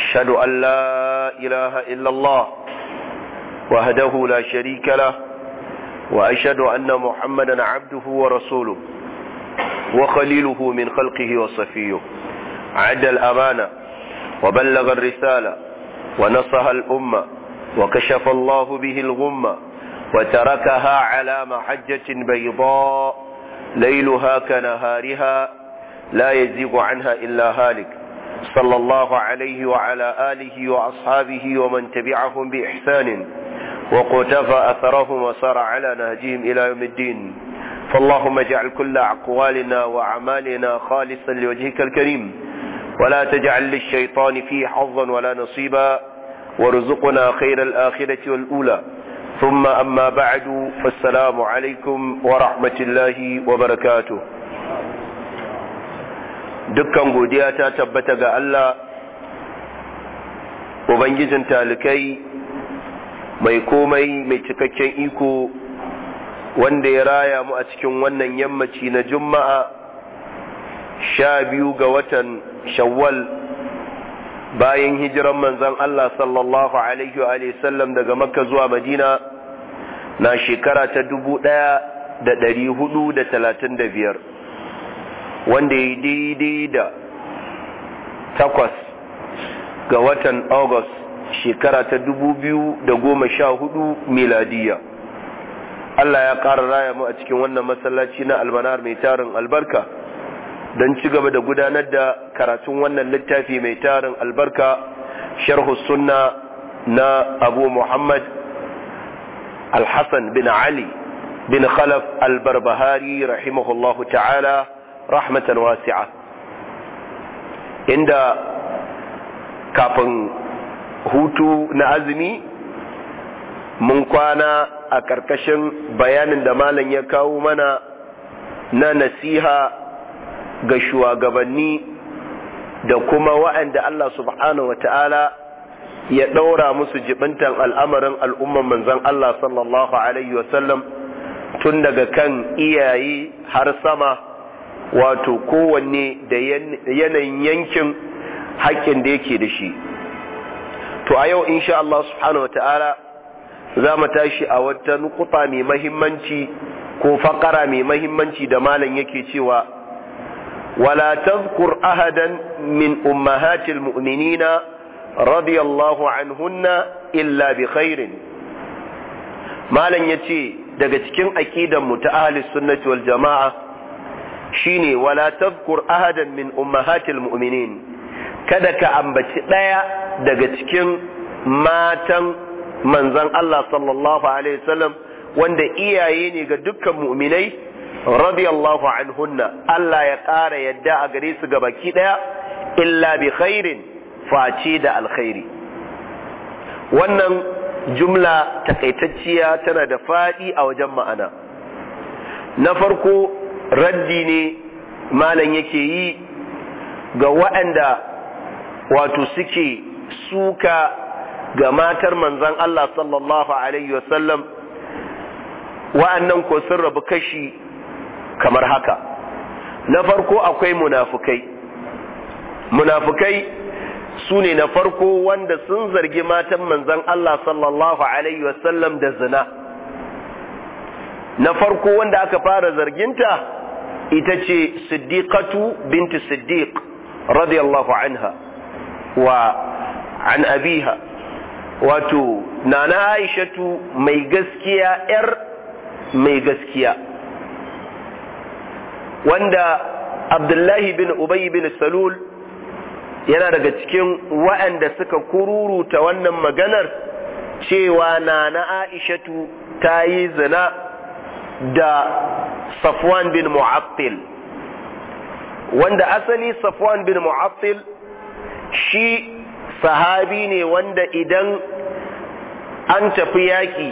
أشهد أن لا إله إلا الله وهده لا شريك له وأشهد أن محمدا عبده ورسوله وخليله من خلقه وصفيه عد الأمانة وبلغ الرسالة ونصح الأمة وكشف الله به الغمة وتركها على محجة بيضاء ليلها كنهارها لا يزيغ عنها إلا هالك صلى الله عليه وعلى آله وأصحابه ومن تبعهم بإحسان وقتف أثرهم وصار على نهجهم إلى يوم الدين فاللهم اجعل كل أقوالنا وأعمالنا خالصا لوجهك الكريم ولا تجعل للشيطان فيه حظا ولا نصيبا وارزقنا خير الآخرة والأولى ثم أما بعد فالسلام عليكم ورحمة الله وبركاته dukkan godiya ta tabbata ga Allah Ubangijin talikai mai komai mai cikakken iko wanda ya raya mu a cikin wannan yammaci na juma'a sha biyu ga watan shawwal bayan hijiran manzan Allah sallallahu alaihi wa sallam daga makka zuwa madina na shekara ta dubu ɗaya da ɗari hudu da talatin da biyar wanda ya daidai da takwas ga watan august shekara ta dubu biyu da goma sha hudu miladiya Allah ya ƙara raya mu a cikin wannan masallaci na almanar mai tarin albarka don ci gaba da gudanar da karatun wannan littafi mai tarin albarka sharhu sunna na abu muhammad alhassan bin ali bin khalaf albarbahari rahimahullahu ta'ala rahmatan wasi'a inda kafin hutu na azumi mun kwana a ƙarƙashin bayanin da malam ya kawo mana na nasiha ga shugabanni da kuma wa'anda Allah subhanahu wa ta'ala ya ɗaura musu jibintan al'amarin al'umman manzan Allah sallallahu Alaihi wasallam tun daga kan iyaye har sama wato kowanne da yanayin yankin haƙƙin da yake da shi to a yau insha Allah subhanahu wataala za mu tashi a wata nukufa mai mahimmanci ko fakara mai mahimmanci da malam yake cewa wala tazkur ahadan min ummahatil mu'minina radiyallahu anhunna illa bi khairin malam yace daga cikin aqidan mu ta ahli sunnati wal jama'a shine wala tadhkur ahadan min ummahatil mu'minin kada ka ambaci daya daga cikin matan manzon Allah sallallahu alaihi wasallam wanda iyaye ne ga dukkan mu'minai radiyallahu anhunna Allah ya ƙara yadda a gare su gabaki daya illa bi khairin face da alkhairi wannan jumla takaitacciya tana da fadi a wajen ma'ana na farko raddi ne malam yake yi ga waɗanda wato suke suka ga matar manzan Allah sallallahu Alaihi wasallam wa'annan ko sun rabu kashi kamar haka na farko akwai munafukai munafukai su ne na farko wanda sun zargi matan manzan Allah sallallahu Alaihi wasallam da zina na farko wanda aka fara zarginta ita ce siddiqatu bint siddiq radiyallahu anha wa an abiha wato nana aishatu mai gaskiya yar mai gaskiya wanda abdullahi bin ubay bin salul yana daga cikin waɗanda suka kururuta wannan maganar cewa nana aishatu ta yi zina da safwan bin mu'attil wanda asali safwan bin mu'attil shi sahabi ne wanda idan an tafi yaki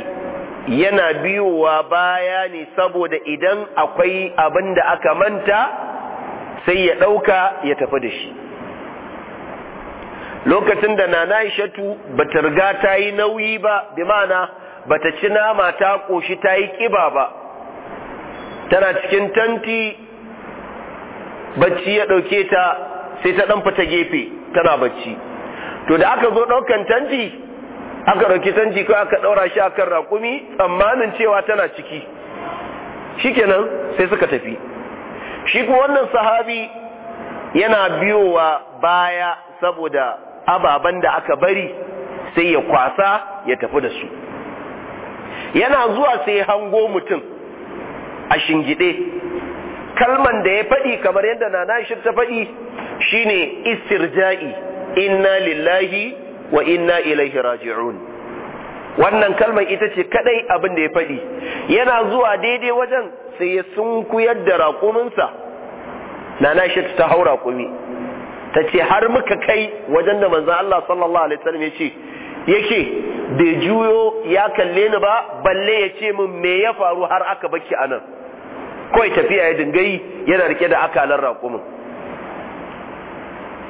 yana biyowa baya ne saboda idan akwai abin da aka manta sai ya ɗauka ya tafi da shi lokacin da na naishatu ba ta riga ta yi nauyi ba bi mana ba ci nama ta ƙoshi ta yi ƙiba ba tana cikin tanti bacci ya ɗauke ta sai ta ɗan fita gefe tana bacci to da aka zo ɗaukan tanti aka ɗauki tanti ko aka ɗaura shi akan raƙumi tsammanin cewa tana ciki shikenan sai suka tafi shi kuma wannan sahabi yana biyowa baya saboda ababen da aka bari sai ya kwasa ya tafi da su yana zuwa sai hango mutum a shingide kalman da ya faɗi kamar yadda na nashir ta faɗi shine istirja'i inna lillahi wa inna ilaihi raji'un wannan kalman ita ce kadai abin da ya faɗi yana zuwa daidai wajen sai ya sunkuyar da raƙuminsa na nashir ta hau raƙumi ta ce har muka kai wajen da manzan Allah sallallahu alaihi wasallam ya ce Yake, bai juyo ya kalle ni ba balle ya ce min me ya faru har aka baki anan kawai tafiya ya dingayi yana rike da akalan raƙumin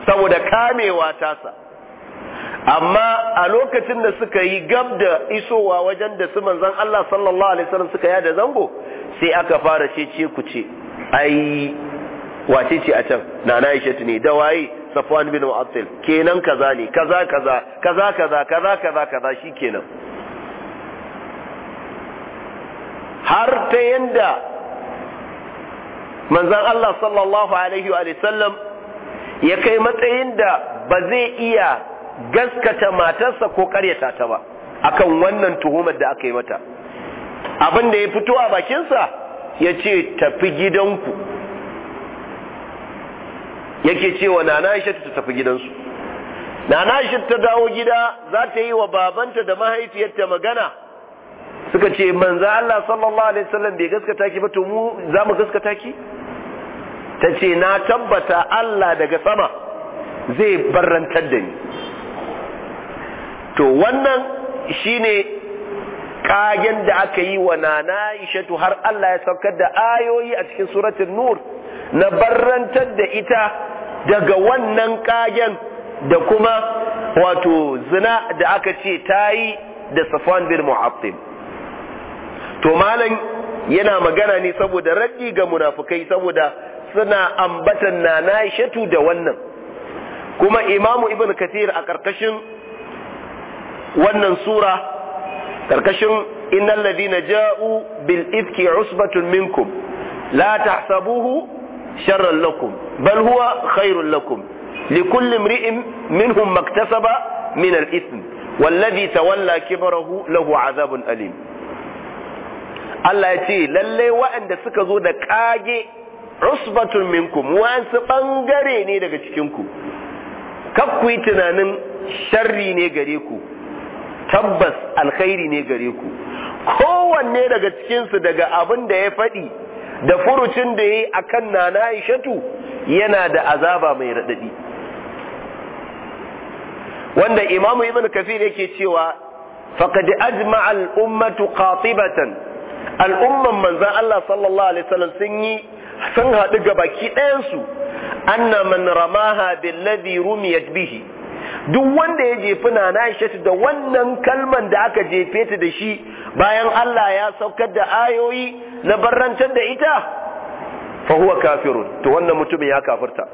saboda kamewa tasa amma a lokacin da suka yi gab da isowa wajen da su manzan Allah sallallahu alaihi wasallam suka yada zango sai aka fara ce ce ku ce ai wace ce a can na na Aisha ne da waye safwan bin mu'attil kenan kaza ne kaza kaza kaza kaza kaza kaza kaza shikenan har ta yanda manzon Allah sallallahu alaihi wa sallam ya kai matsayin da ba zai iya gaskata matarsa ko karyata ta ba akan wannan tuhumar da aka yi mata abin da ya fito a bakinsa ya ce tafi gidanku yake cewa nana Aisha ta tafi gidansu nana Aisha ta dawo gida za ta yi wa babanta da mahaifiyarta magana suka ce manzo Allah sallallahu alaihi wasallam bai gaskata ki ba to mu za mu gaskata ki ta ce na tabbata Allah daga sama zai barrantar da ni to wannan shine kagen da aka yi wa nana Aisha har Allah ya saukar da ayoyi a cikin suratul nur na barrantar da ita daga wannan kagen da kuma wato zina da aka ce ta yi da safan bin mu'attil to malam yana magana ne saboda raddi ga munafukai saboda suna ambatan na shatu da wannan kuma imamu ibn kathir a karkashin wannan sura karkashin innal ladina ja'u bil ifki usbatun minkum la tahsabuhu sharran lakum bal huwa khairun lakum likulli imri'in minhum maktasaba min al-ithm wallazi tawalla kibrahu lahu azabun alim Allah ya ce lallai waɗanda suka zo da kage usbatun minkum wasu ɓangare ne daga cikin kaf ku tunanin sharri ne gare ku tabbas alkhairi ne gare ku kowanne daga cikinsu daga abin da ya faɗi da furucin da yayi akan nana Aishatu yana da azaba mai raɗaɗi. wanda imamu ibn kafir yake cewa faqad ajma'a al-ummatu qatibatan al-umman manzan Allah sallallahu alaihi wasallam sun yi sun haɗu ga baki ɗayansu anna man ramaha billadhi rumiyat bihi duk wanda ya jefi na Aishatu da wannan kalman da aka jefe ta da shi bayan Allah ya saukar da ayoyi na barrantar da ita fa huwa kafirun to wannan mutumin ya kafirta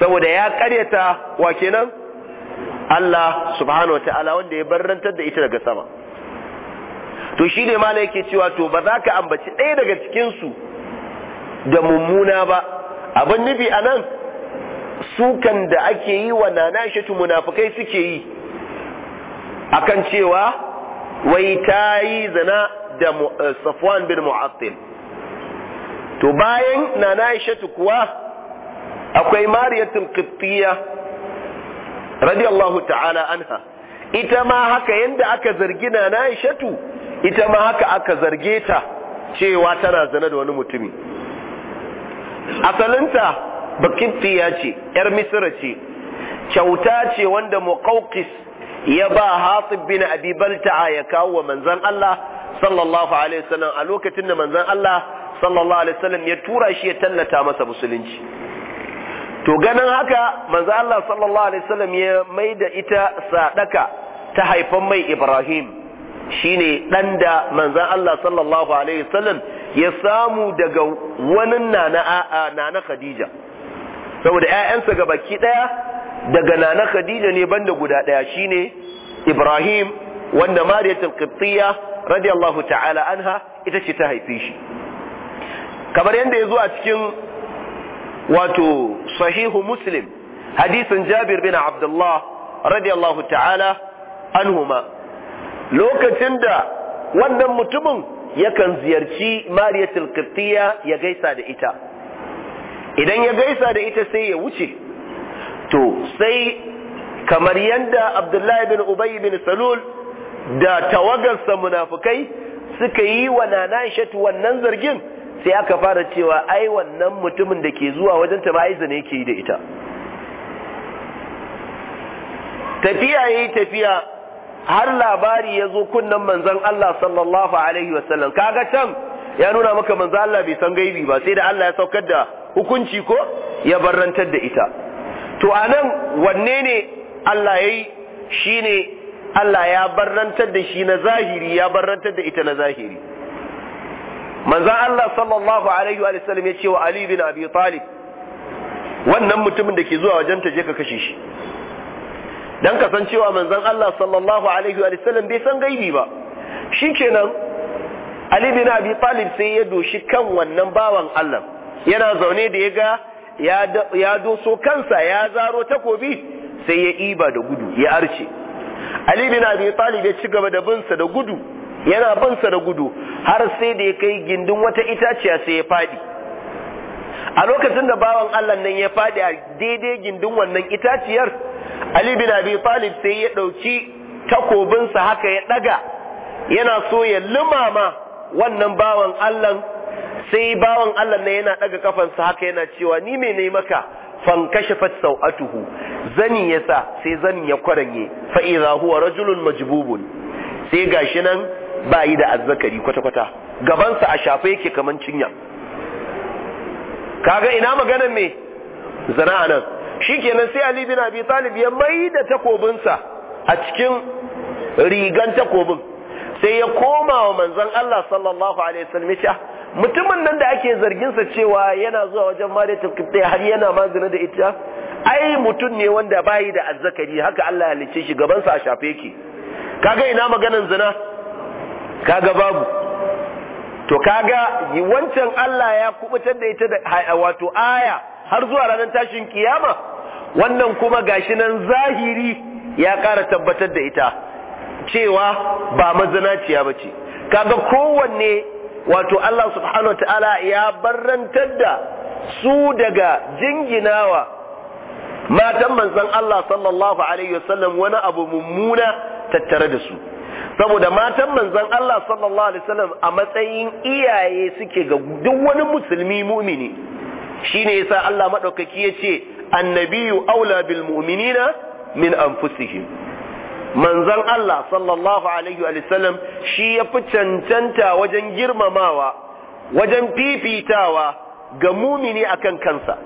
saboda ya karyata wa kenan Allah subhanahu wataala wanda ya barrantar da ita daga sama to shine ne malai yake cewa to ba za ka ambaci ɗaya daga cikin su da mummuna ba abin nufi anan sukan da ake yi wa nana shatu munafikai suke yi akan cewa wai ta yi zina da eh, Safwan bin Mu'attil to bayan nana Aisha kuwa akwai Mariyatul Qibtiyya radiyallahu ta'ala anha ita ma haka yanda aka zargi nana Aisha ita ma haka aka zarge ta cewa tana zana da wani mutumi asalinta bakiftiya ce yar misira ce kyauta ce wanda muqawqis ya ba hatib bin abi balta'a ya kawo wa manzon Allah sallallahu alaihi wasallam a lokacin da manzon Allah sallallahu alaihi wasallam ya tura shi ya tallata masa musulunci to ganin haka manzon Allah sallallahu alaihi wasallam ya maida ita sadaka ta haifan mai Ibrahim shine dan da manzon Allah sallallahu alaihi wasallam ya samu daga wani nana nana Khadija saboda ƴaƴansa ga baki daya daga nana Khadija ne banda guda daya shine Ibrahim wanda al Qibtiyya radiyallahu ta'ala anha ita ce ta haife shi kamar yadda ya zo a cikin wato sahihu muslim hadisin jabir bin abdullah radiyallahu ta'ala anhuma lokacin da wannan mutumin yakan ziyarci mariyatul qibtiyya ya gaisa da ita idan ya gaisa da ita sai ya wuce to sai kamar yadda abdullahi bin ubay bin salul da tawagarsa munafukai suka yi wa nana shatu wannan zargin sai aka fara cewa ai wannan mutumin da ke zuwa wajen ta ba'iza ne yake yi da ita tafiya yi tafiya har labari ya zo kunnan manzon Allah sallallahu alaihi wasallam kaga can ya nuna maka manzon Allah bai san gaibi ba sai da Allah ya saukar da hukunci ko ya barrantar da ita to anan wanne ne Allah yayi shine Allah ya barrantar da shi na zahiri ya barrantar da ita na zahiri manzan Allah sallallahu alaihi wasallam ya ce wa Ali bin Abi Talib wannan mutumin da ke zuwa wajen ta je ka kashe shi dan kasancewa manzan Allah sallallahu alaihi wasallam bai san gaibi ba shikenan Ali bin Abi Talib sai ya doshi kan wannan bawan Allah yana zaune da ya ga ya doso kansa ya zaro takobi sai ya iba da gudu ya arce ali bin abi talib ya ci gaba da binsa da gudu yana binsa da gudu har sai da ya kai gindin wata itaciya sai ya fadi a lokacin da bawan Allah nan ya fadi a daidai gindin wannan itaciyar ali bin abi talib sai ya dauki takobinsa haka ya daga yana so ya lumama wannan bawan Allah sai bawan Allah ne yana daga kafansa haka yana cewa ni me ne maka fankashafat sau'atuhu zani yasa sai zani ya kwaranye fa huwa rajulun majbubun sai gashi nan ba yi da azzakari kwata-kwata gabansa a shafe yake kaman cinya kaga ina maganan me a nan shi kenan sai Ali bin Abi Talib ya mai da takobinsa a cikin rigan takobin sai ya koma wa manzon Allah sallallahu alaihi wasallam ya mutumin nan da ake zarginsa cewa yana zuwa wajen mariya kiftai har yana magana da ita ai mutum ne wanda bayi da azzakari haka Allah ya lice shi gabansa a shafe yake kaga ina maganan zina kaga babu to kaga wancan Allah ya kubutar da ita da wato aya har zuwa ranar tashin kiyama wannan kuma gashi nan zahiri ya kara tabbatar da ita cewa ba mazinaciya bace kaga kowanne wato Allah subhanahu ta'ala ya barrantar da su daga jinginawa matan manzon Allah sallallahu alaihi wasallam wani abu mummuna tattare da su saboda matan manzon Allah sallallahu alaihi wasallam a matsayin iyaye suke ga duk wani musulmi mu'mini shine yasa Allah madaukaki yace annabiyu aula bil mu'minina min anfusihim Manzan Allah sallallahu alaihi wa shi ya fi cancanta wajen girmamawa wajen fifitawa ga mumini akan kansa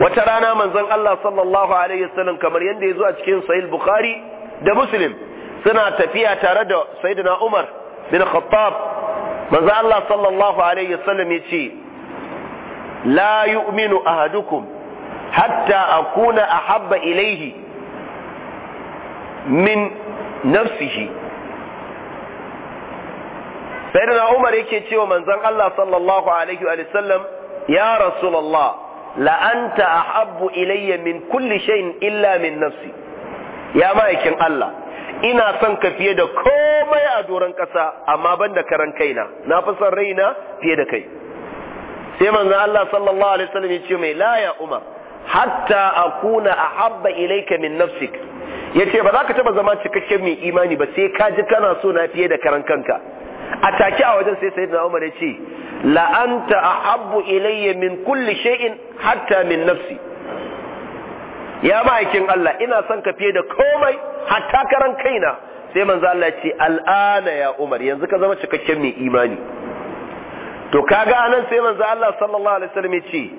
wata rana manzan Allah sallallahu alaihi wa kamar yadda ya zo a cikin sahih bukhari da muslim suna tafiya tare da sayyidina Umar bin Khattab Manzan Allah sallallahu alaihi wa ya ce la yu'minu ahadukum hatta akuna ahabba ilaihi min nafsihi sayyidina Umar yake cewa manzon Allah sallallahu alaihi wa sallam ya rasulullah la anta ahabbu ilayya min kulli shay'in illa min nafsi ya ma'aikin Allah ina son ka fiye da komai a doron ƙasa amma ban da karan kaina na fi son raina fiye da kai sai manzon Allah sallallahu alaihi sallam ya ce mai la ya Umar hatta akuna ahabba ilayka min nafsika yace ba za ka taba zama cikakken mai imani ba sai ka ji kana so na fiye da karan kanka a take a wajen sai sayyidina Umar ce la anta ahabbu ilayya min kulli shay'in hatta min nafsi ya ma'aikin Allah ina son ka fiye da komai hatta karan kaina sai manzo Allah ya ce al'ana ya Umar yanzu ka zama cikakken mai imani to kaga anan sai manzo Allah sallallahu alaihi wasallam ya ce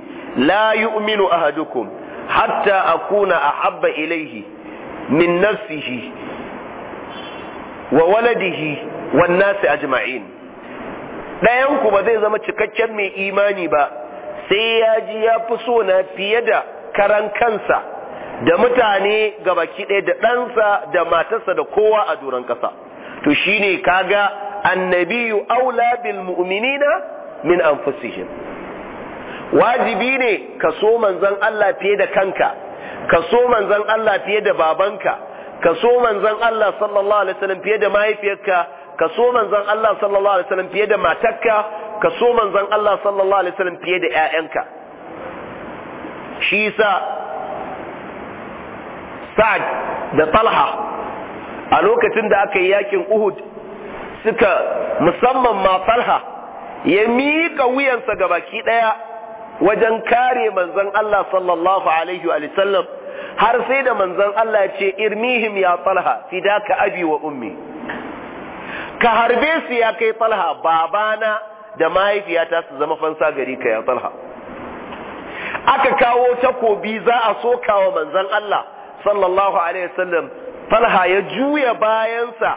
la yu'minu ahadukum hatta akuna ahabba ilayhi min nafsihi wa waladihi wan nasi ajma'in dayan ku ba zai zama cikakken mai imani ba sai ya ji ya fi so na fiye da karan kansa da mutane gabaki ɗaya da ɗansa da matarsa da kowa a duran ƙasa to shine kaga annabiyu aula bil mu'minina min anfusihim wajibi ne ka so manzon Allah fiye da kanka ka so manzon Allah fiye da babanka ka so manzon Allah sallallahu alaihi wasallam fiye da mahaifiyarka ka so manzon Allah sallallahu alaihi wasallam fiye da matarka ka so manzon Allah sallallahu alaihi wasallam fiye da ƴaƴanka shi yasa Sa'ad da Talha a lokacin da aka yi yakin Uhud suka musamman ma Talha ya miƙa wuyansa ga baki ɗaya wajen kare manzon Allah sallallahu alaihi wa sallam har sai da manzon Allah ce irmihim ya talha ka abi wa ummi ka harbe su ya kai talha babana da mahaifiyata su zama fansa gari ka ya talha aka kawo takobi za a soka wa manzon Allah sallallahu alaihi wa sallam talha ya juya bayansa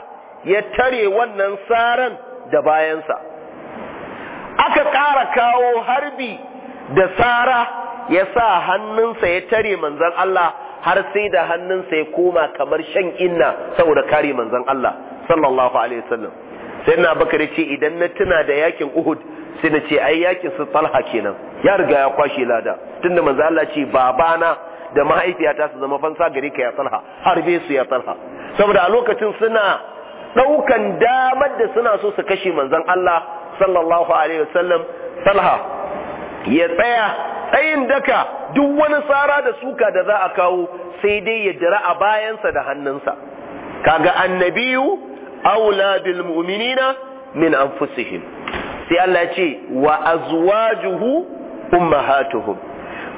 ya tare wannan saran da bayansa aka ƙara kawo harbi da sara ya sa hannunsa ya tare manzan Allah har sai da hannunsa ya koma kamar shan inna saboda kare manzan Allah sallallahu alaihi wasallam sai na bakar ce idan na tuna da yakin Uhud sai na ce ai yakin su Talha kenan ya riga ya kwashe lada tunda manzan Allah ce babana da mahaifiyata su zama fansa gare ka ya Talha harbe su ya Talha saboda a lokacin suna daukan damar da suna so su kashe manzan Allah sallallahu alaihi wasallam Talha ya tsaya tsayin daka duk wani tsara da suka da za a kawo sai dai ya jira a bayansa da hannunsa kaga annabiyu aula bil mu'minina min anfusihim sai Allah ya ce wa azwajuhu ummahatuhum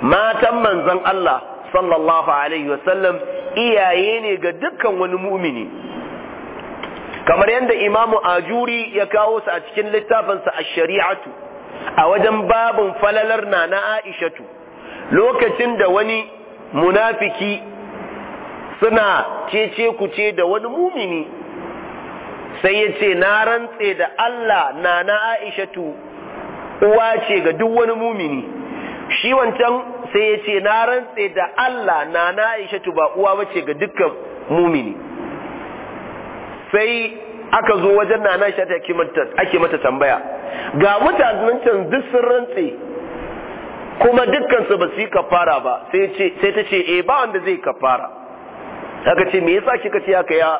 matan manzon Allah sallallahu alaihi wasallam iyaye ne ga dukkan wani mu'mini kamar yadda imamu ajuri ya kawo su a cikin littafinsa a shari'atu a wajen babin falalar na na aishatu lokacin da wani munafiki suna cece kuce da wani mumini sai ya ce na rantse da Allah na na aishatu uwa ce ga duk wani mumini shi wancan sai ya ce na rantse da Allah na na aishatu ba uwa ba ce ga dukkan mumini sai aka zo wajen na na aishatu ake mata tambaya ga mutanen can duk sun rantse kuma dukkansu su ba su yi kafara ba sai ta ce e ba wanda zai kafara Haka ce me yasa kika ce haka ya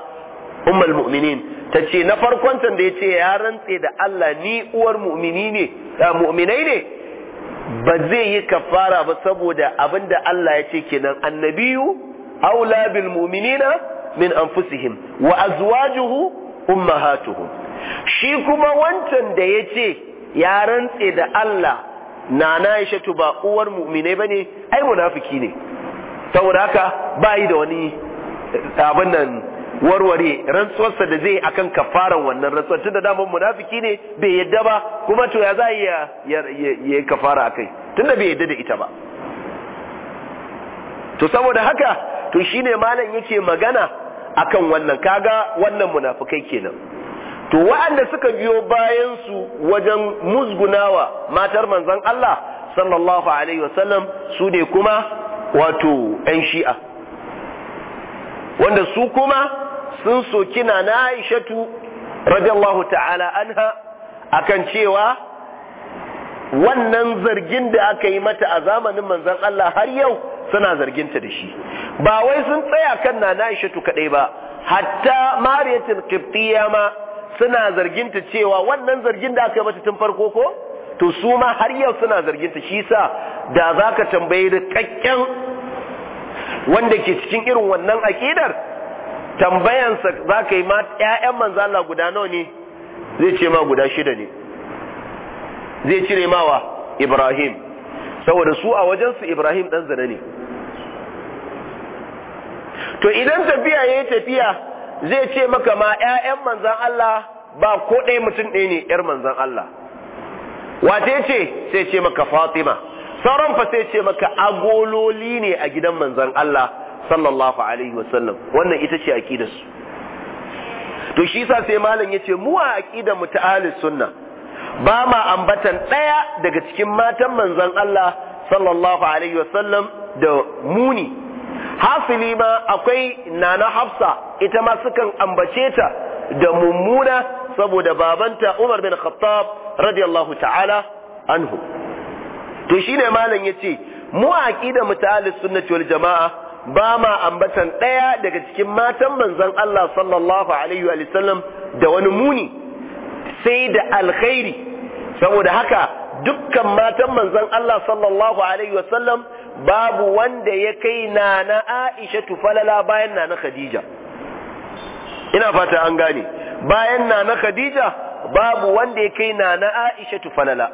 ummul mu'minin ta ce na farkon can da ya ce ya rantse da Allah ni uwar mu'mini ne mu'minai ne ba zai yi kafara ba saboda abinda Allah ya ce kenan annabiyu aula bil mu'minina min anfusihim wa azwajuhu ummahatuhum shi kuma wancan da ya ce ya rantse da Allah na na shatu ba uwar mu'minai ba ne ai munafiki ne saboda haka ba yi da wani eh, abin nan warware rantsuwarsa da zai akan kafaran wannan rantsuwar tunda daman munafiki ne bai yadda ba kuma to ya za ya yi kafara kai tunda bai yadda da ita ba to saboda haka to shine malam yake magana akan wannan kaga wannan munafikai kenan to waɗanda suka biyo bayansu wajen musgunawa matar manzon Allah sallallahu alaihi wasallam su ne kuma wato 'yan shi'a wanda su kuma sun soki na Aishatu radiyallahu ta'ala anha akan cewa wannan zargin da aka yi mata a zamanin manzon Allah har yau suna zarginta da shi ba wai sun tsaya kan na Aishatu kadai ba hatta Mariyatul Qibtiyya ma suna zarginta cewa wannan zargin da aka yi mata tun farko ko to su ma har yau suna zarginta shi sa da za ka tambayi rikakken wanda ke cikin irin wannan aƙidar tambayansa za ka yi ma 'ya'yan manzala guda nawa ne zai ce ma guda shida ne zai cire mawa ibrahim saboda su a wajen su ibrahim ɗan zane ne to idan tafiya ya yi tafiya zai ce maka ma ya'yan manzan Allah ba ko ɗaya mutum ɗaya ne yar manzan Allah wace ce sai ce maka Fatima sauran fa sai ce maka agololi ne a gidan manzan Allah sallallahu alaihi wasallam wannan ita ce a su to shi sa sai malam yace mu a aƙidar mu ta Ali sunna ba ma ambatan ɗaya daga cikin matan manzan Allah sallallahu alaihi wasallam da muni hafili ma akwai nana hafsa ita ma sukan ambace ta da mummuna saboda babanta umar bin khattab radiyallahu ta'ala anhu to shine malam yace mu aqida mutalis sunnati wal jamaa ba ma ambatan daya daga cikin matan manzon Allah sallallahu alaihi wa sallam da wani muni sai da alkhairi saboda haka dukkan matan manzon Allah sallallahu alaihi wasallam babu wanda ya kai na na Aisha falala bayan na na Khadija ina fata an gane bayan na na Khadija babu wanda ya kai na na Aisha falala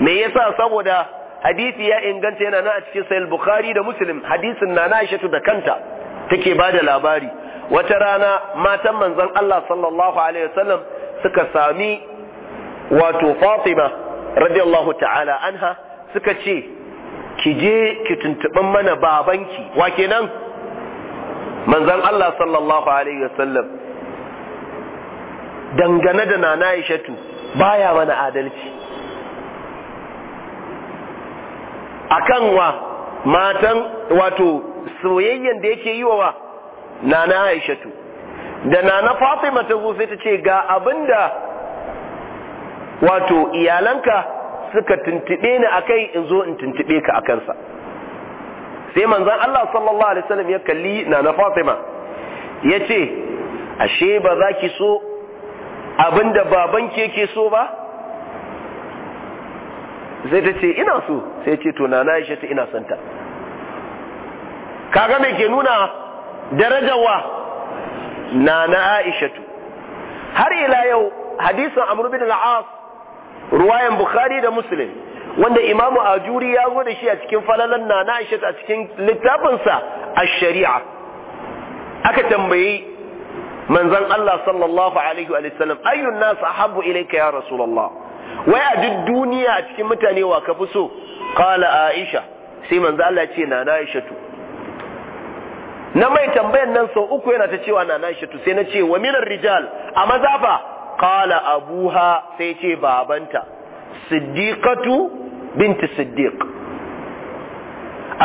me yasa saboda hadisi ya inganta yana na a cikin sahih Bukhari da Muslim hadisin na na Aisha da kanta take bada labari wata rana matan manzon Allah sallallahu alaihi wasallam suka sami wato Fatima radiyallahu ta'ala anha suka ce ki je ki tuntuɓin mana babanki wa kenan manzon Allah sallallahu alaihi wasallam dangane da nana Aishatu baya mana adalci akan wa matan wato soyayyen da yake yi wa nana tu da nana Fatima ta sai ta ce ga abinda wato iyalanka suka tuntube ni akai in zo in tuntube ka akan sa sai manzon Allah sallallahu alaihi wasallam ya kalli na na Fatima yace ashe ba za ki so abinda babanki yake so ba sai ta ce ina so sai ce to nana Aisha ta ina santa kaga me ke nuna darajawa nana Aisha har ila yau hadisin Amr bin al-As ruwayan bukhari da muslim wanda imamu ajuri ya zo da shi a cikin falalan na na a cikin littafinsa a shari'a aka tambayi manzan Allah sallallahu alaihi wa ayyun nas ahabbu ilayka ya rasulullah wai a duk duniya a cikin mutane wa ka fi so qala aisha sai manzon Allah ce na na aisha tu na mai tambayan nan sau uku yana ta cewa na na aisha tu sai na ce wa minar rijal a mazafa qala abuha sai ce babanta siddiqatu bint siddiq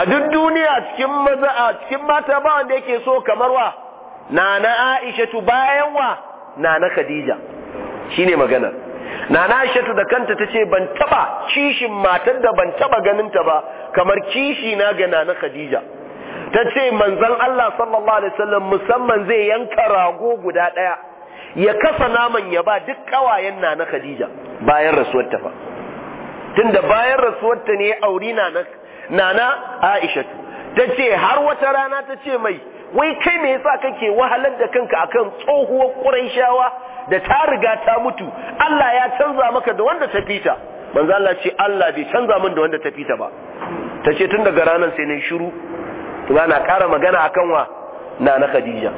a duk duniya cikin maza a cikin mata ba wanda yake so kamar wa nana aishatu bayan wa nana khadija shine magana nana aishatu da kanta tace ban taba kishin matar da ban taba ta ba kamar kishi na ga nana khadija tace manzon Allah sallallahu alaihi wasallam musamman zai yanka rago guda daya ya kasa naman ya ba duk kawayen na na khadija bayan rasuwar ta fa tunda bayan rasuwar ta ne auri na na Nana aisha ta ce har wata rana ta ce mai wai kai me yasa kake wahalar da kanka akan tsohuwar Qurayshawa da ta riga ta mutu Allah ya canza maka da wanda ta fita manzo Allah ce Allah bai canza min da wanda ta fita ba tace tun daga ranar sai nayi shiru to na ƙara magana akan wa na Khadija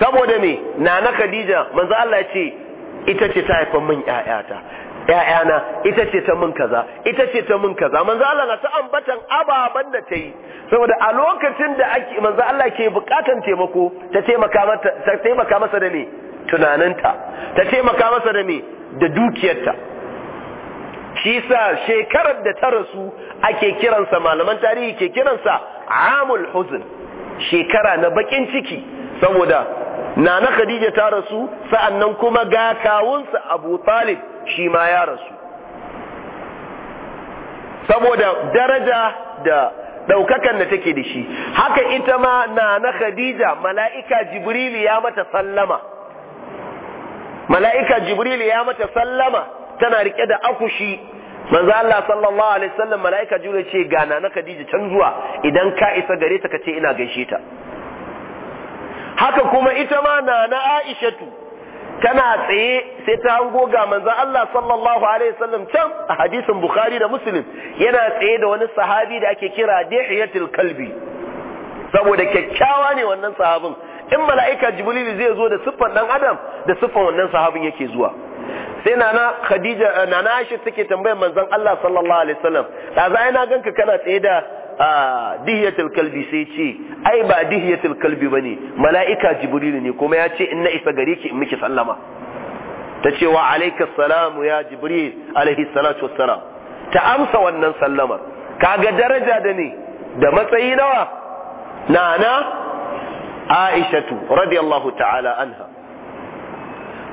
saboda me nana khadija manzo Allah ya ce ita ce ta haifa min ƴaƴata ƴaƴana ita ce ta min kaza ita ce ta min kaza manzo Allah na ta ambatan ababan da ta yi saboda a lokacin da ake manzo Allah ke bukatan taimako ta taimaka mata ta taimaka masa da me tunaninta ta taimaka masa da me da dukiyarta shi sa shekarar da ta rasu ake kiransa malaman tarihi ke kiransa amul huzn shekara na bakin ciki saboda nana khadija ta rasu sa'annan kuma ga kawunsa abu talib shi ma ya rasu saboda daraja da daukakan da take da shi haka ita ma nana khadija mala'ika Jibril ya mata sallama mala'ika Jibril ya mata sallama tana rike da akushi manzo Allah sallallahu alaihi wasallam mala'ika Jibril ce ga nana khadija can zuwa idan ka isa gare ta ce ina gaishe ta haka kuma ita ma na na aishatu tana tsaye sai ta hango ga manzon Allah sallallahu alaihi wasallam can a hadisin bukhari da muslim yana tsaye da wani sahabi da ake kira dihiyatul kalbi saboda kyakkyawa ne wannan sahabin in mala'ika jibril zai zo da siffan dan adam da siffan wannan sahabin yake zuwa sai nana khadija nana aisha take tambayar manzan Allah sallallahu alaihi wasallam da za ina ganka kana tsaye da dihiyatul kalbi sai ce ai ba dihiyatul kalbi bane mala'ika jibril ne kuma ya ce inna isa gare ki in miki sallama ta ce wa alayka salamu ya jibril alaihi salatu wassalam ta amsa wannan sallamar kaga daraja da ne da matsayi nawa nana aishatu radiyallahu ta'ala anha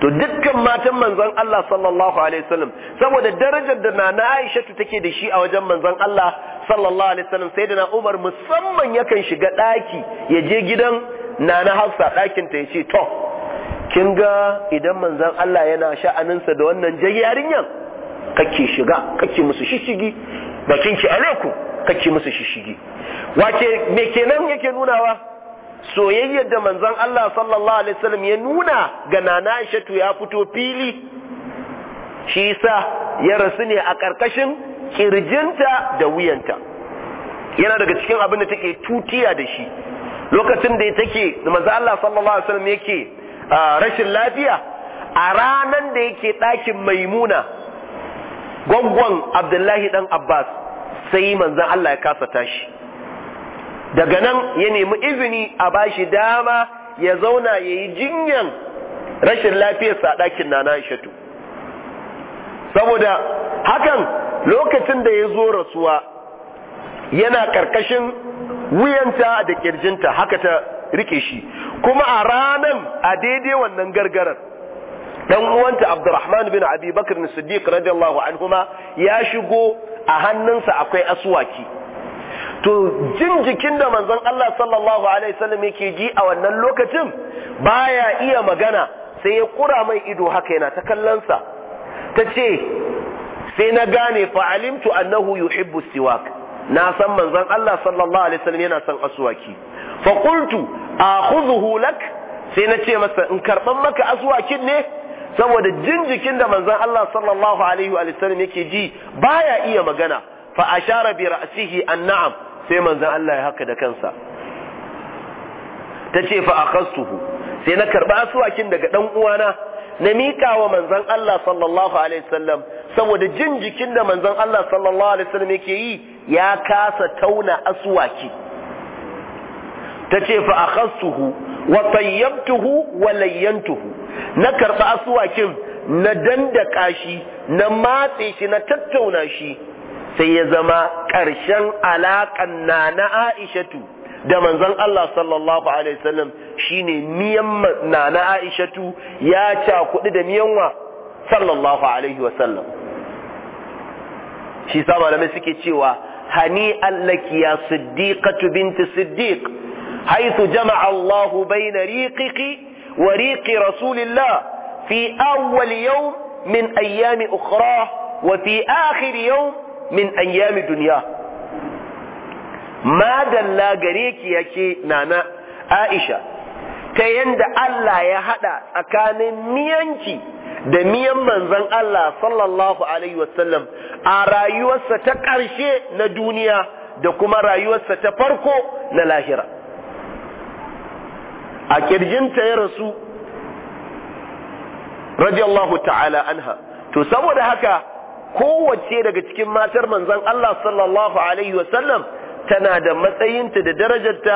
to dukkan matan manzon Allah sallallahu alaihi wasallam saboda darajar da nana Aishatu take da shi a wajen manzon Allah sallallahu alaihi wasallam sayyidina Umar musamman yakan shiga daki ya je gidan Nana Hafsa dakin ta yace to kin ga idan manzon Allah yana sha'aninsa da wannan jayyarinyan kake shiga kake musu shishigi bakin ki alaiku kake musu shishigi wace me kenan yake nunawa soyayyar da manzon Allah sallallahu alaihi wasallam ya nuna ga Nana Aisha ya fito fili shi yasa ya rasu ne a ƙarƙashin kirjinta da wuyanta yana daga cikin abin da take tutiya da shi lokacin da take manzo Allah sallallahu alaihi wasallam yake rashin lafiya a ranan da yake ɗakin maimuna gwangwan abdullahi dan abbas sai manzo Allah ya kasa tashi daga nan ya nemi izini a bashi dama ya zauna yayi jinyan rashin lafiyarsa a ɗakin nana ishatu saboda hakan lokacin da ya zo rasuwa yana karkashin wuyanta da ƙirjinta haka ta rike shi kuma a ranan a daidai wannan gargarar dan uwanta Abdurrahman bin Abi Bakr siddiq radiyallahu anhuma ya shigo a hannunsa akwai aswaki to jin jikin da manzon Allah sallallahu alaihi wasallam yake ji a wannan lokacin baya iya magana sai ya kura mai ido haka yana ta kallonsa ta ce sai na gane fa'alimtu annahu yuhibbu siwak na san manzan Allah sallallahu alaihi wasallam yana son asuwaki fa qultu akhudhuhu sai na ce masa in karban maka aswakin ne saboda jinjikin da manzon Allah sallallahu alaihi wasallam yake ji baya iya magana fa share bi ra'sihi an sai manzan Allah ya haka da kansa tace fa kastuhu sai na karba aswakin daga dan uwana na mika wa manzon Allah sallallahu alaihi wasallam saboda jin jikin da manzon Allah sallallahu alaihi wasallam yake yi ya kasa tauna aswaki tace fa akhasuhu wa tayyabtuhu wa layyantuhu na karba aswakin na danda ƙashi na matse shi na tattauna shi sai ya zama ƙarshen alaƙan na na Aishatu da manzon Allah sallallahu alaihi wasallam shine miyan nana aishatu ya kuɗi da miyan wa sallallahu alaihi wasallam shi sa malamai suke cewa hani allaki ya siddiqatu binti siddiq haythu jama'a Allahu bayna riqiqi wa riqi rasulillah fi awwal yawm min ayyami ukhra wa fi akhir yawm min ayyami dunya madalla gare ki yake nana Aisha ta yadda Allah ya haɗa tsakanin miyanci da miyan manzon Allah sallallahu alaihi wasallam a rayuwarsa ta ƙarshe na duniya da kuma rayuwarsa ta farko na lahira a ƙirjinta ya rasu radiyallahu ta'ala anha to saboda haka kowace daga cikin matar manzon Allah sallallahu alaihi wasallam tana da matsayinta da darajarta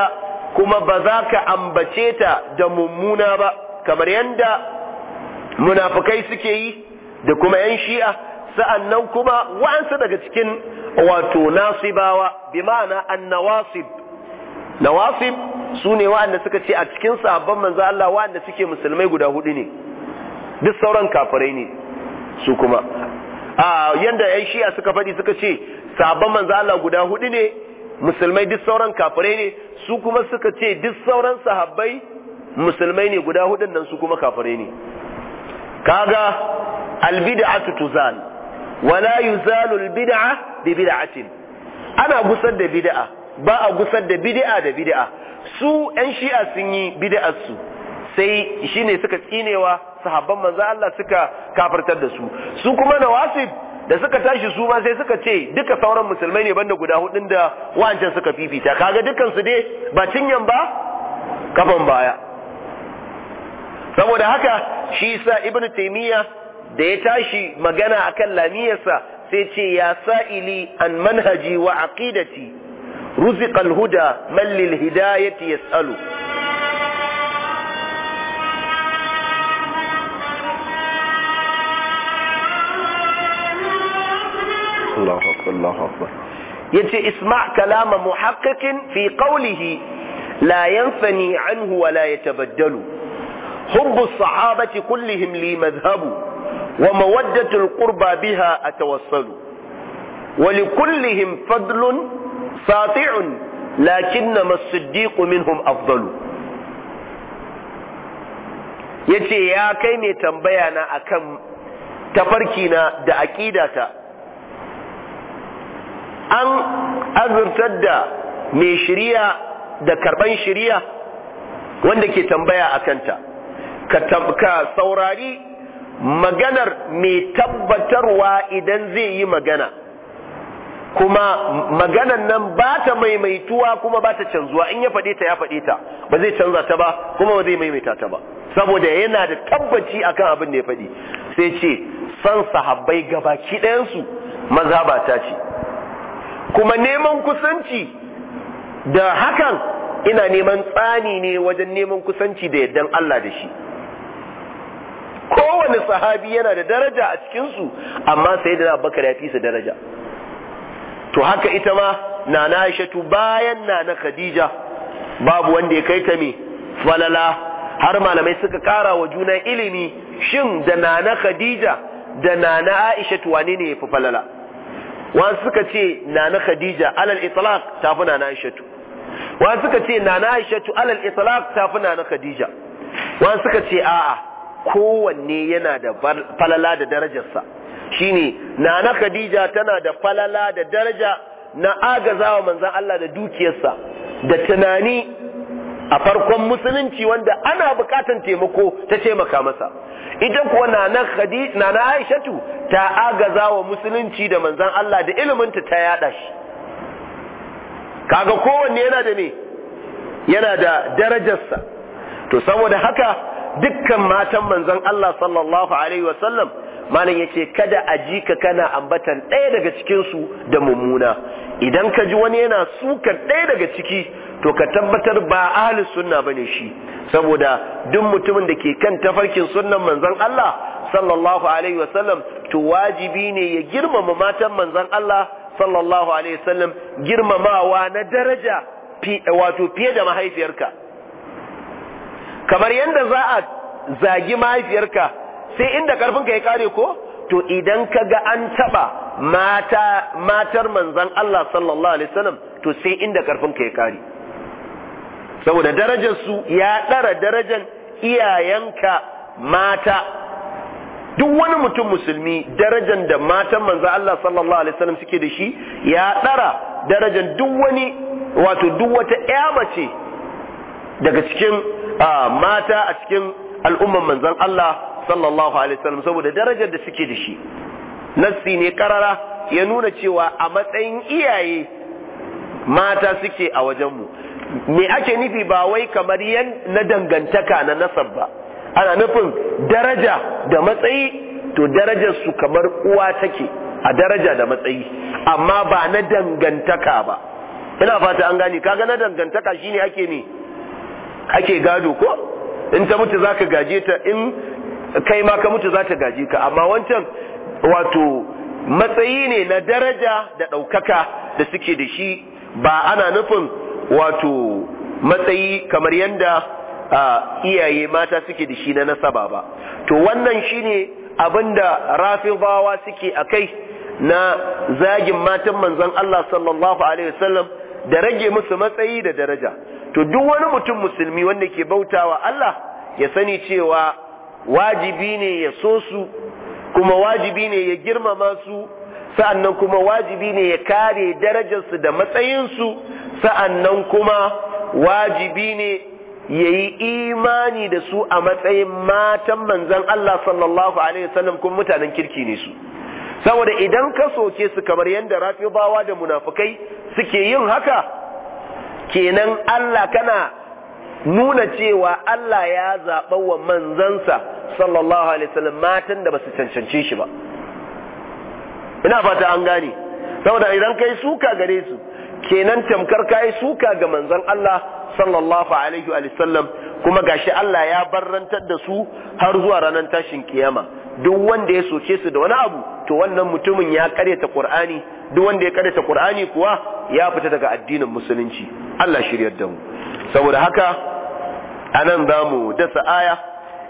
kuma ba za ka ambace ta da mummuna ba kamar yadda munafukai suke yi da kuma 'yan shi'a sa'annan kuma wa'ansu daga cikin wato nasibawa bi ma'ana an nawasib su ne wa'anda suka ce a cikin sabon manzo Allah wa'anda suke musulmai guda hudu ne duk sauran kafirai ne su kuma a yadda 'yan shi'a suka faɗi suka ce sabon manzo Allah guda hudu ne musulmai duk sauran kafirai ne su kuma suka ce duk sauran sahabbai musulmai ne guda hudun nan su kuma kafirai ne kaga albid'atu tuzal wala yuzalu albid'a bi bid'atin ana gusar da bid'a ba a gusar da bid'a da bid'a su ɗan shi'a sun yi bid'ar su sai shine suka tsinewa sahabban manzo Allah suka kafirtar da su su kuma nawasib da suka tashi su ma sai suka ce duka sauran musulmai ne banda guda hudun da wancan suka fifita kaga dukan su dai ba cinyan ba kafan baya saboda haka shi sa ibnu taymiya da ya tashi magana akan lamiyarsa sai ce ya sa'ili an manhaji wa aqidati ruziqal huda man lil hidayati yas'alu Allahu akbar Allahu akbar yace isma' kalama muhaqqiqin fi qawlihi la yanfani anhu wa la yatabaddalu hubbu as-sahabati kullihim li madhhabu wa mawaddatu al-qurba biha atawassalu wa likullihim fadlun sati'un lakinnama as-siddiq minhum afdalu yace ya kai mai tambaya akan tafarki na da aqidata an azurtar da mai shirya da karban shirya wanda ke tambaya a kanta ka saurari maganar mai tabbatarwa idan zai yi magana kuma maganan nan ba ta maimaituwa kuma ba ta canzuwa in ya faɗe ya faɗe ta ba zai canza ta ba kuma ba zai maimaita ta ba saboda yana da tabbaci akan abin da ya faɗi sai ce san sahabbai gabaki ɗayansu ba ta ce kuma neman kusanci da hakan ina neman tsani ne wajen neman kusanci da yaddan Allah da shi kowane sahabi yana da daraja a cikinsu amma sai da bakar ya fi su daraja to haka ita ma Nana na aishatu bayan na na khadija babu wanda ya kai ta me falala har malamai suka kara wa juna ilimi shin da Nana khadija da Nana na aishatu wane ne ya fi falala wasu suka ce nana khadija alal itlaq tafi nana aishatu wasu suka ce nana aishatu alal itlaq tafi nana khadija wasu suka ce a'a kowanne yana da falala da darajarsa shine nana khadija tana da falala da daraja na agazawa manzon Allah da dukiyarsa da tunani a farkon musulunci wanda ana bukatan taimako ta taimaka masa ita kuwa na khadi aishatu ta agaza wa musulunci da manzan Allah da iliminta ta yada shi kaga kowanne yana da ne yana da darajarsa to saboda haka dukkan matan manzan Allah sallallahu alaihi wasallam malam yace kada a ji ka kana ambatan ɗaya daga cikin su da mummuna idan ka ji wani yana sukar ɗaya daga ciki to ka tabbatar ba ahlus sunna bane shi saboda duk mutumin da ke kan tafarkin sunnan manzon Allah sallallahu alaihi wasallam to wajibi ne ya girmama matan manzon Allah sallallahu alaihi wasallam girmamawa na daraja wato fiye da mahaifiyarka kamar yadda za a zagi mahaifiyarka sai inda karfinka ya kare ko to idan ka ga an taba mata matar manzon Allah sallallahu alaihi wasallam to sai inda karfinka ya kare saboda darajarsu ya ɗara darajar iyayenka mata duk wani mutum musulmi darajar da matan manzo Allah sallallahu alaihi wasallam suke da shi ya ɗara darajar duk wani wato duk wata ƴa mace daga cikin mata a cikin al'umman manzan Allah sallallahu alaihi wasallam saboda darajar da suke da shi nassi ne karara ya nuna cewa a matsayin iyaye mata suke a wajenmu me ake nufi ba wai kamar yan na dangantaka na nasab ba ana nufin daraja da matsayi to darajar su kamar uwa take a daraja da matsayi amma ba na dangantaka ba ina fata an gane kaga na dangantaka shine ake ne ake gado ko in ta mutu zaka gaje ta in kai ma ka mutu zata gaje ka amma wancan wato matsayi ne na daraja da ɗaukaka da suke da shi ba ana nufin wato matsayi kamar yanda iyaye mata suke da shi na nasaba ba to wannan shine abinda rafidawa suke a kai na zagin matan manzon Allah sallallahu alaihi wasallam da rage musu matsayi da daraja to duk wani mutum musulmi wanda ke bautawa Allah ya sani cewa wajibi ne ya so su kuma wajibi ne ya girmama su sa'annan kuma wajibi ne ya kare darajarsu da matsayinsu sa'annan kuma wajibi ne yayi imani da su a matsayin matan manzon Allah sallallahu alaihi wasallam kuma mutanen kirki ne su saboda idan ka soke su kamar yadda rafibawa da munafukai suke yin haka kenan Allah kana nuna cewa Allah ya zaɓa wa manzansa sallallahu alaihi wasallam matan da basu cancance shi ba ina fata an gane saboda idan kai suka gare su kenan tamkar kayi suka ga manzon Allah sallallahu alaihi wa sallam kuma gashi Allah ya barrantar da su har zuwa ranar tashin kiyama duk wanda ya soke su da wani abu to wannan mutumin ya karyata Qur'ani duk wanda ya karyata Qur'ani kuwa ya fita daga addinin musulunci Allah shiryar da mu saboda haka anan zamu dasa aya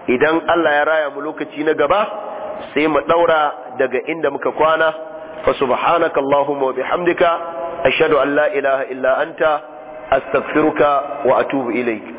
idan Allah ya raya mu lokaci na gaba sai mu daura daga inda muka kwana fa subhanakallahumma wa bihamdika ashhadu an la'ilaha ilaha illa anta astaghfiruka wa atubu ilai.